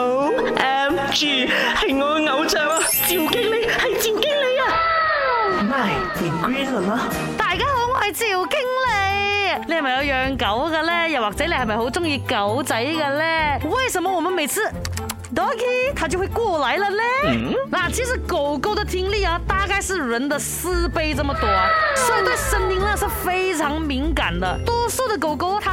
O M G，係我嘅偶像啊！趙經理係趙經理啊！My Green 啦！啊、大家好，我係趙經理。你係咪有養狗嘅咧？又或者你係咪好中意狗仔嘅咧？為什麼我們每次 doggy 它就會過來了咧？嗱、嗯，其實狗狗的聽力啊，大概是人的四倍這麼多，所以對聲音呢，是非常敏感的。多數的狗狗它。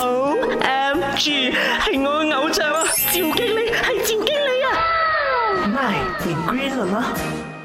O M G，係我嘅偶像啊！趙經理係趙經理啊！咪變 green 啦？